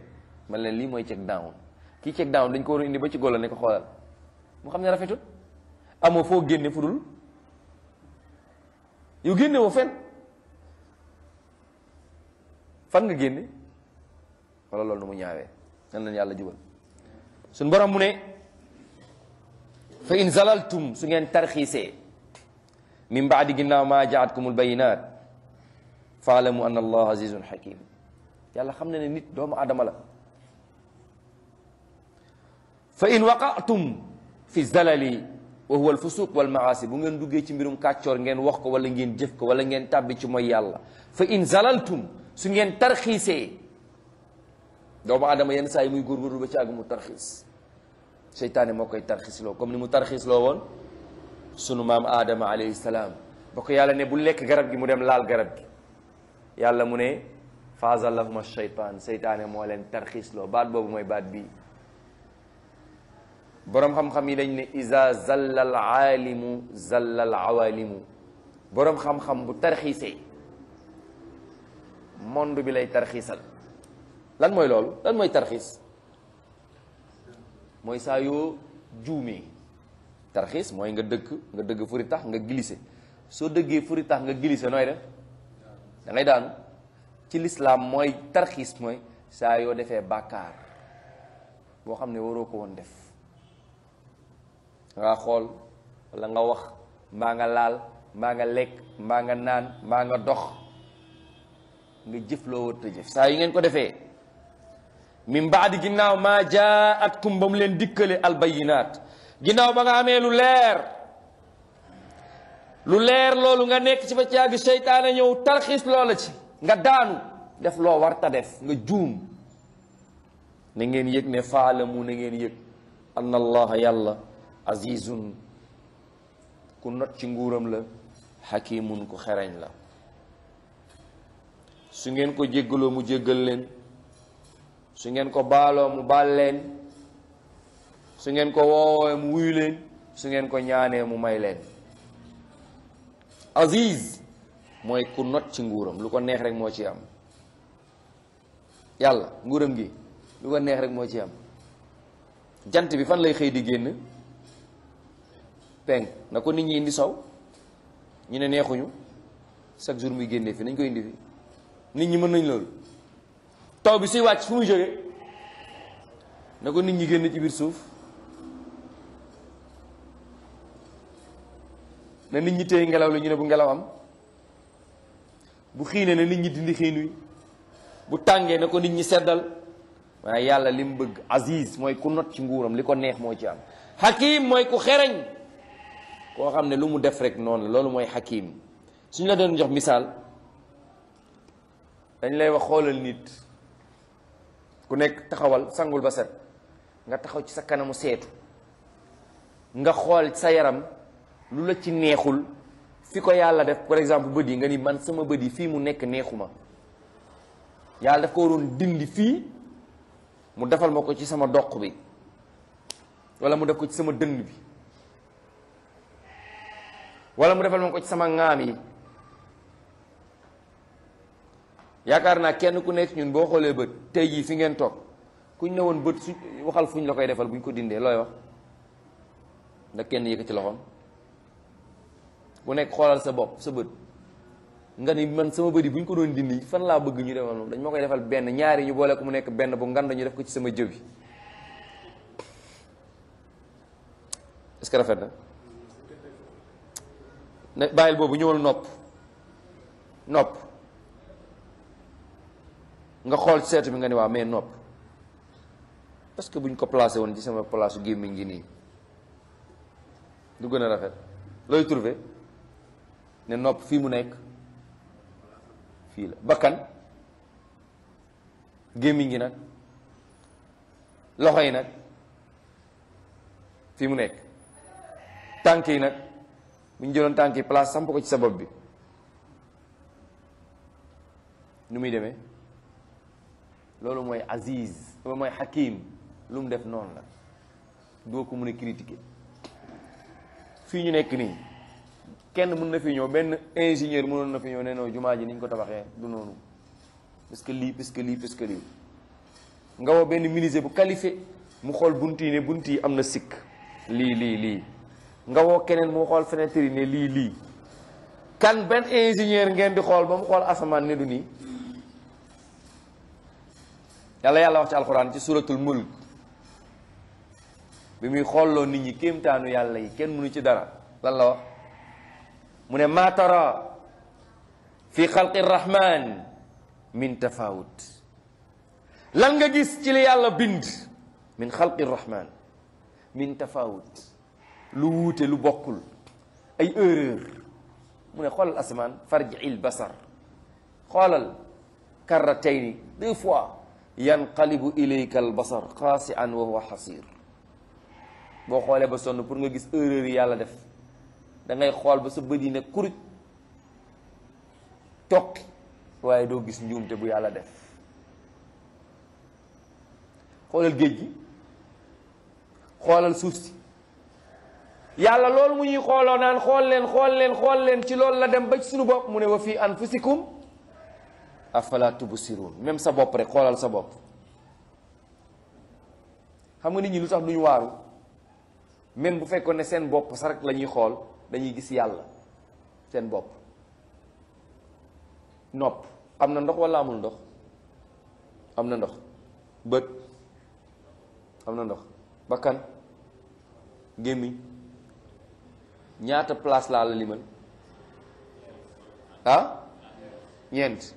man leen lii mooy check down kii check down dañ ko war a indi ba ci golo ne ko xoolal mu xam ne rafetul amoo foo génne fu dul yow génne woo fenn fan nga génne wala loolu nu mu ñaawe nan leen yàlla jubal suñ borom mu ne fa in zalaltum su ngeen tarxiisee min baadi ginnaaw maa jaatkumul bayinaat faalamu anna allah azizun hakim yàlla xam na ne nit doomu aadama la in waqatum fi zalali wa huwa alfusuq wal maasi bu ngeen duggee ci mbirum kàccoor ngeen wax ko wala ngeen jëf ko wala ngeen tàbbi ci mooy yàlla fa in zalaltum su ngeen tarxiisee doomu aadama yenn saa yi muy góorgóorlu ba ci àgg mu tarxiis seytaane moo koy tarxiis loo comme ni mu tarxiis loo woon sunu maam aadama alayhi salaam ba ko yàlla ne bu lekk garab gi mu dem laal garab gi yàlla mu ne faazalahuma shaytaan seytaane moo leen tarxiis loo baat boobu mooy baat bii boroom xam-xam yi dañ ne iza zalla al aalimu zalla al awaalimu boroom xam-xam bu tarxiisee monde bi lay tarxiisal lan mooy loolu lan mooy tarxiis mooy saa yoo juumee tarxiis mooy nga dëkk nga dëgg furi tax nga glissé soo dëggee furi tax nga glissé nooy def da ngay daanu ci lislaam mooy tarxiis mooy saa yoo defee bàkkaar boo xam ne waroo ko woon def nga xool wala nga wax mbaa nga laal mbaa nga lekk mbaa nga naan mbaa nga dox nga jëf loo war jëf saa yu ngeen ko defee min baadi ginnaaw maa jaatkum ba kumbam leen dikkale albayinaat ginnaaw ba nga amee lu leer lu leer loolu nga nekk ci ba caagi seytaane ñëw tarxiis loola ci nga daanu def loo warta def nga juum na ngeen yëg ne faalamu na ngeen yëg anna yàlla azizun ku not ci nguuram la xakimun ku xereñ la su ngeen ko jéggaloo mu jéggal leen su ngeen ko baaloo mu baal leen su ngeen ko woowee mu wuyu leen su ngeen ko ñaanee mu may leen aziz mooy ku not ci nguuram lu ko neex rek moo ci am yàlla nguuram gi lu ko neex rek moo ci am jant bi fan lay xëy di génn penk na ko nit ñi indi sow ñu ne neexuñu chaque jour muy génne fi nañ ko indi fi nit ñi mën nañ loolu taw bi suy wàcc fu muy jógee na ko nit ñi génn ci biir suuf na nit ñi téye ngelaw li ñu ne bu ngelaw am bu xiinee na nit ñi dindi xiin wi bu tàngee na ko nit ñi seddal waaye yàlla li mu bëgg aziz mooy ku not ci nguuram li ko neex moo ci am hakim mooy ku xereñ koo xam ne lu mu def rek noonu loolu mooy xakim suñ la doon jox misaal dañ lay wax xoolal nit ku nekk taxawal sangul ba set nga taxaw ci sa kanamu seetu nga xool sa yaram lu la ci neexul fi ko yàlla def par exemple bët yi nga ni man sama bët yi fii mu nekk neexuma yàlla daf ko waroon dindi fii mu defal ma ko ci sama doq bi walla mu def ko ci sama dënn bi wala mu defal ma ko ci sama ŋaam yi yaakaar naa kenn ku nekk ñun boo xoolee bët tey jii fi ngeen toog kuñ ne woon bët su waxal fuñ la koy defal buñ ko dindee looy wax ndax kenn ci loxoom bu nekk xoolal sa bopp sa bët nga ni man sama bët yi buñ ko doon dindi fan laa bëgg ñu defal moom dañ ma koy defal benn ñaari ñu boole ko mu nekk benn bu ngand ñu def ko ci sama jëbi est na ne bàyyil boobu ñëwal nopp nopp nga xool seetu bi nga ne waaw mais nopp parce que buñ ko placé woon ci sama place gémmiñ gi nii du gën a rafet looy trouvé ne nopp fii mu nekk fii la bakkan gémmiñ gi nag loxo yi nag fi mu nekk tànk yi nag bu ñu jëloon tànki place samp ko ci sa bopp bi nu muy demee loolu mooy aziz loolu mooy hakim lu mu def noonu la doo ko mën a critiquer fii ñu nekk nii kenn mun na fi ñëw benn ingénieur mënoon na fi ñëw nee noo jumaa ji ni ñu ko tabaxee du noonu parce que lii parce que lii parce que lii nga woo benn menuisier bu qualifié mu xool bunt yi ne bunt yi am na sikk lii lii lii nga woo keneen mu xool fenêtre ne lii lii kan benn ingénieur ngeen di xool ba mu xool asamaan ne du nii yàlla yàlla wax ci alxuraan ci suratul mulk bi muy xoolloo nit ñi kéemtaanu yàlla yi kenn mënu ci dara lan la wax mu ne maa tara fi xalqi rahman min tafawut lan nga gis ci li yàlla bind min xalqi rahman min tafawut lu wuute lu bokkul ay erreur mu ne xoolal asamaan farji il basar xoolal karratayni deux fois yanqalibu ilayka al basar xaasi'an wa huwa xasir boo xoolee ba sonn pour nga gis erreur yàlla def da ngay xool ba sa bët yi ne kuruj toqi waaye doo gis njuumte bu yàlla def xoolal géej gi xoolal suuf si yàlla loolu mu ñuy xooloo naan xool leen xool leen xool leen ci loolu la dem ba ci suñu bopp mu ne wa fii an anfusikum afala tubsirun même sa bopp rek xoolal sa bopp xam nga nit ñi lu tax duñu waaru même bu fekkoon ne seen bopp sa lañuy xool dañuy gis yàlla seen bopp nopp am na ndox wala amul ndox am na ndox bët am na ndox bakkan gémmiñ ñaata place laa la limal ah ñeent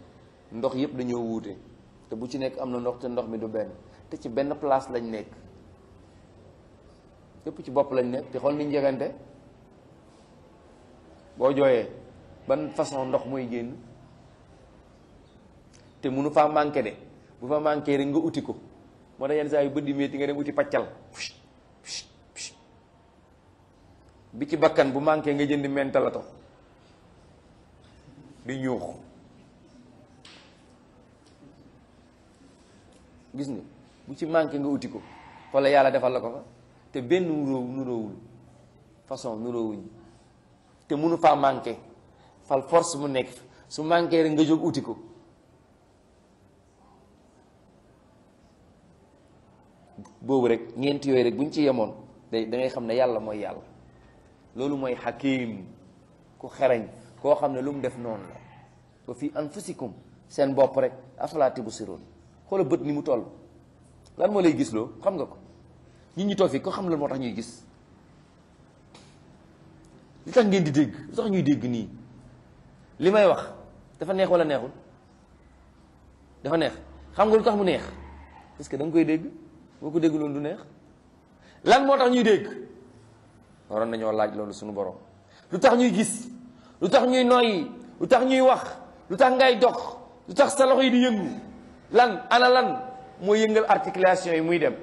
ndox yëpp dañoo wuute te bu ci nekk am na ndox te ndox mi du benn te ci benn place lañ nekk yëpp ci bopp lañ nekk te xool niñ jegante boo jooyee ba façon ndox mooy génn te munu faa manqué de bu fa manqué rek nga uti ko moo tax yenn saa yu bët di métti nga dem uti paccal bi ci bakkan bu manqué nga jënd mentalato di ñuux gis nga bu ci manqué nga uti ko wala yàlla defal la ko fa te benn nuróow nuróowul façon nuróowuñ te mënu faa manqué fal force mu nekk su manqué rek nga jóg uti ko boobu rek ñeenti yooyu rek buñ ci yemoon day da ngay xam ne yàlla mooy yàlla loolu mooy xakim ku xereñ koo xam ne lu mu def noonu la wa fi anfusikum seen bopp rek afalaa tubsiruun xoola bët ni mu toll lan moo lay gis loo xam nga ko nit ñi toog fii ko xam lan moo tax ñuy gis li tax ngeen di dégg li tax ñuy dégg nii li may wax dafa neex wala neexul dafa neex xam nga lu tax mu neex parce que da koy dégg boo ko dégg loolu du neex lan moo tax ñuy dégg waroon nañoo laaj loolu suñu borom lu tax ñuy gis lu tax ñuy noyyi lu tax ñuy wax lu tax ngay dox lu tax sa loxo yi di yëngu lan ana lan mooy yëngal articulation yi muy dem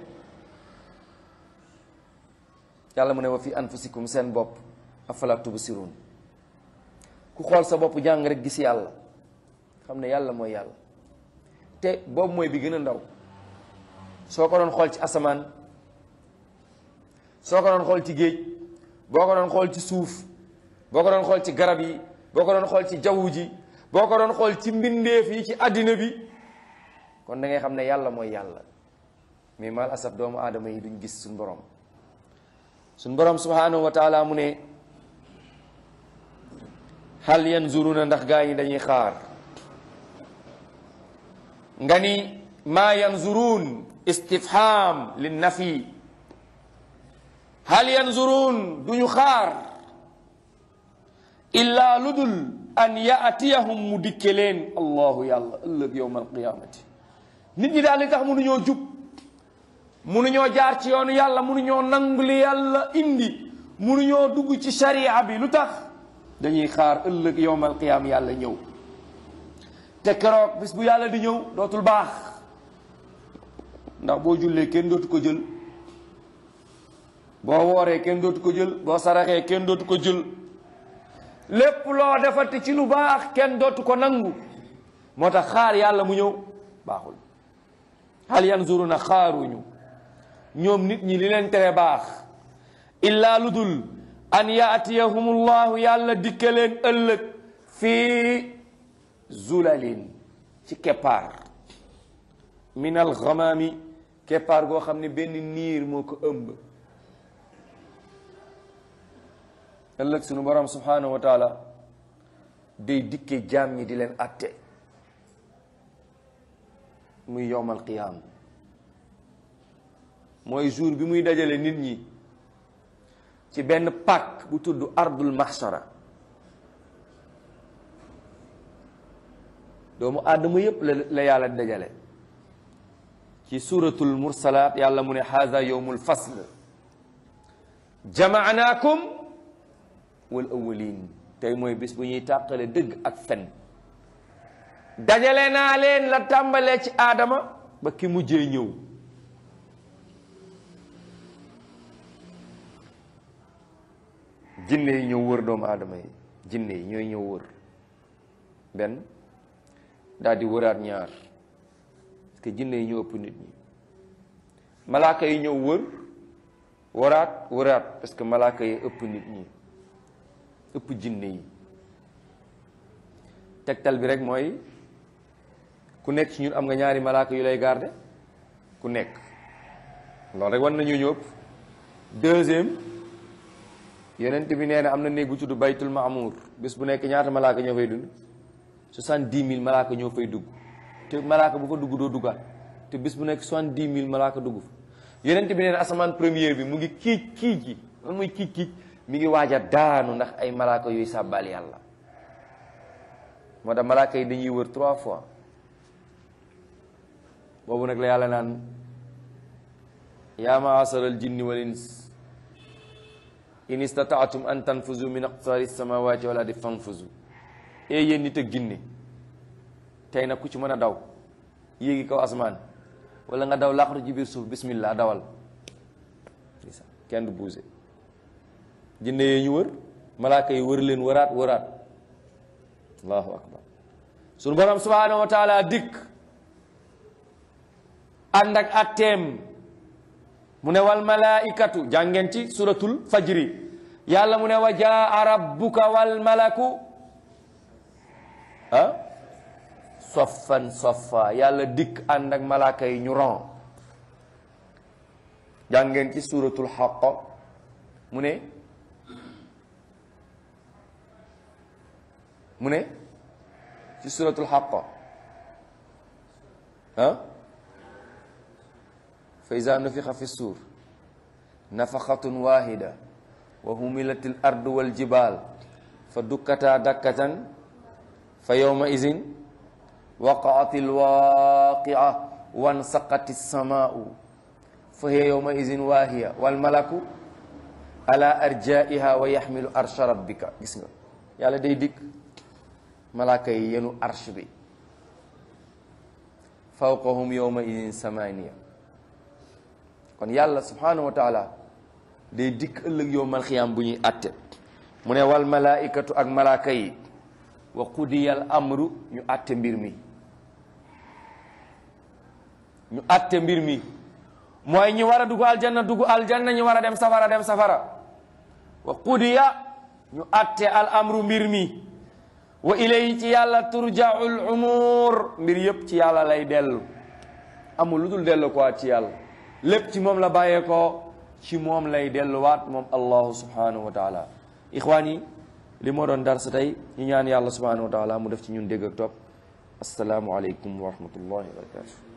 yàlla mu ne wa fi anfusikum seen bopp afala tubsirun ku xool sa bopp jàng rek gis yàlla xam ne yàlla mooy yàlla te boobu mooy bi gën a ndaw soo ko doon xool ci asamaan soo ko doon xool ci géej boo ko doon xool ci suuf boo ko doon xool ci garab yi boo ko doon xool ci jaww ji boo ko doon xool ci mbindeef yi ci àddina bi kon da ngay xam ne yàlla mooy yàlla mais mal asaf doomu aadama yi duñ gis suñ borom suñ borom subhanahu wa taala mu ne hal yanzuruna ndax gaa ñi dañuy xaar nga ni maa yanzuruun istifham lin nafi hal yanzurun duñu xaar illaa lu dul an yaatiyahum mu dikke leen allahu yàlla ëllëg yowma alqiyamati nit ñi daal li tax mënuñoo jub mënuñoo jaar ci yoon yàlla mënuñoo nangu li yàlla indi mënuñoo dugg ci sharia bi lu tax dañuy xaar ëllëg yowma alqiyam yàlla ñëw te keroog bu yàlla di ñëw dootul baax ndax boo jullee kenn dootu ko jël boo wooree kenn dootu ko jël boo saraxee kenn dootu ko jël lépp loo defati ci lu baax kenn dootu ko nangu moo tax xaar yàlla mu ñëw baaxul hal na xaaruñu ñoom nit ñi li leen tere baax illaa lu dul an yaatiyahumullahu yàlla dikke leen ëllëg fii zulalin ci keppaar min alxamaami keppaar goo xam ne benn niir moo ko ëmb ëllëg sunu borom subhanahu wa taala day dikke jaam ñi di leen atte muy yowmal qiyaam mooy jour bi muy dajale nit ñi ci benn pàkk bu tudd ardul mahsara doomu aadama yépp la la yàlla dajale ci suratul mursalaat yàlla mu ne haza yowmul fasl jamaanaakum wal awwalin tey mooy bis bu ñuy tàqale dëgg ak fen dajale naa leen la tàmbalee ci aadama ba ki mujjee ñëw jinne yi ñëw wër doomu aadama yi jinne yi ñooy ñëw wër benn daal di wëraat ñaar parce que jinne yi ñoo ëpp nit ñi malaaka yi ñëw wër wëraat wëraat parce que malaaka yi ëpp nit ñi ëpp jinne yi tegtal bi rek mooy ku nekk ci ñun am nga ñaari malaaka yu lay garde ku nekk loolu rek war nañu ñu ëpp deuxième yonent bi nee am na néeg bu tudd baytul maamuur bés bu nekk ñaata malaaka ñoo fay dund soixante-dix mille malaaka ñoo fay dugg te malaaka bu fa dugg doo duggaat te bés bu nekk soixante-dix mille malaaka dugg fa yonent bi nee asamaan première bi mu ngi kiij kiij yi man mooy kiij kiij mi ngi waaj daanu ndax ay malaaka yooyu sàbbaal yàlla moo tax malaaka yi dañuy wër trois fois boobu nag la yàlla naan yaa ma'ashara al jinni wal ins in istata'tum an tanfuzu min aqtaari samawati wal ardi fanfuzu ee eh, yéen nit ak jinne tey nag ku ci mën a daw yéegi kaw asmaan walla nga daw laqatu ci biir suuf bismillah dawal kenn buuse jinne yee ñu wër malaaka yi wër leen wëraat wëraat allahu akbar sunu borom subhanahu wa taala dikk ànd ak atteem mu ne wal malaikatu jàngeen ci suratul fajri yàlla mu ne wa jaa rabbuka wal malaku ah soffan soffa yàlla dikk ànd ak malaaka yi ñu ron jàngeen ci suratul xaqa mu ne ci suratul xaqa ah fa iza nufixa fi suur nafaxatun wahida wa humilatil ardu wal jibal fa dukkataa dakkatan fa yawma izin waqaatil waaqia wan saqati samaau fa hiya yawma izin waahiya wal malaku ala arjaiha wa yaxmilu arsha rabbika gis nga yàlla day dikk malaaka yi yenu arsh bi fawqahum yawma idin samaniya kon yàlla subhanahu wa taala day dikk ëllëg yowmal xiyaam bu ñuy àtte mu ne wal malaaikatu ak malaaka yi wa qudiyal amru ñu àtte mbir mi ñu àtte mbir mi mooy ñi war a dugg aljanna dugg aljanna ñi war a dem safara dem safara wa qudiya ñu àtte al amru mbir mi wa ilay ci yàlla turjaul umur mbir yëpp ci yàlla lay dellu amul lu dul dellu ko ci yàlla lépp ci moom la bàyyee ko ci moom lay delluwaat moom allahu subhanahu wa taala ixwaan yi li moo doon darsa tey ñu ñaan yàlla subhanahu wa taala mu def ci ñun dégg ak topp asalaamualeykum wa wa barakatu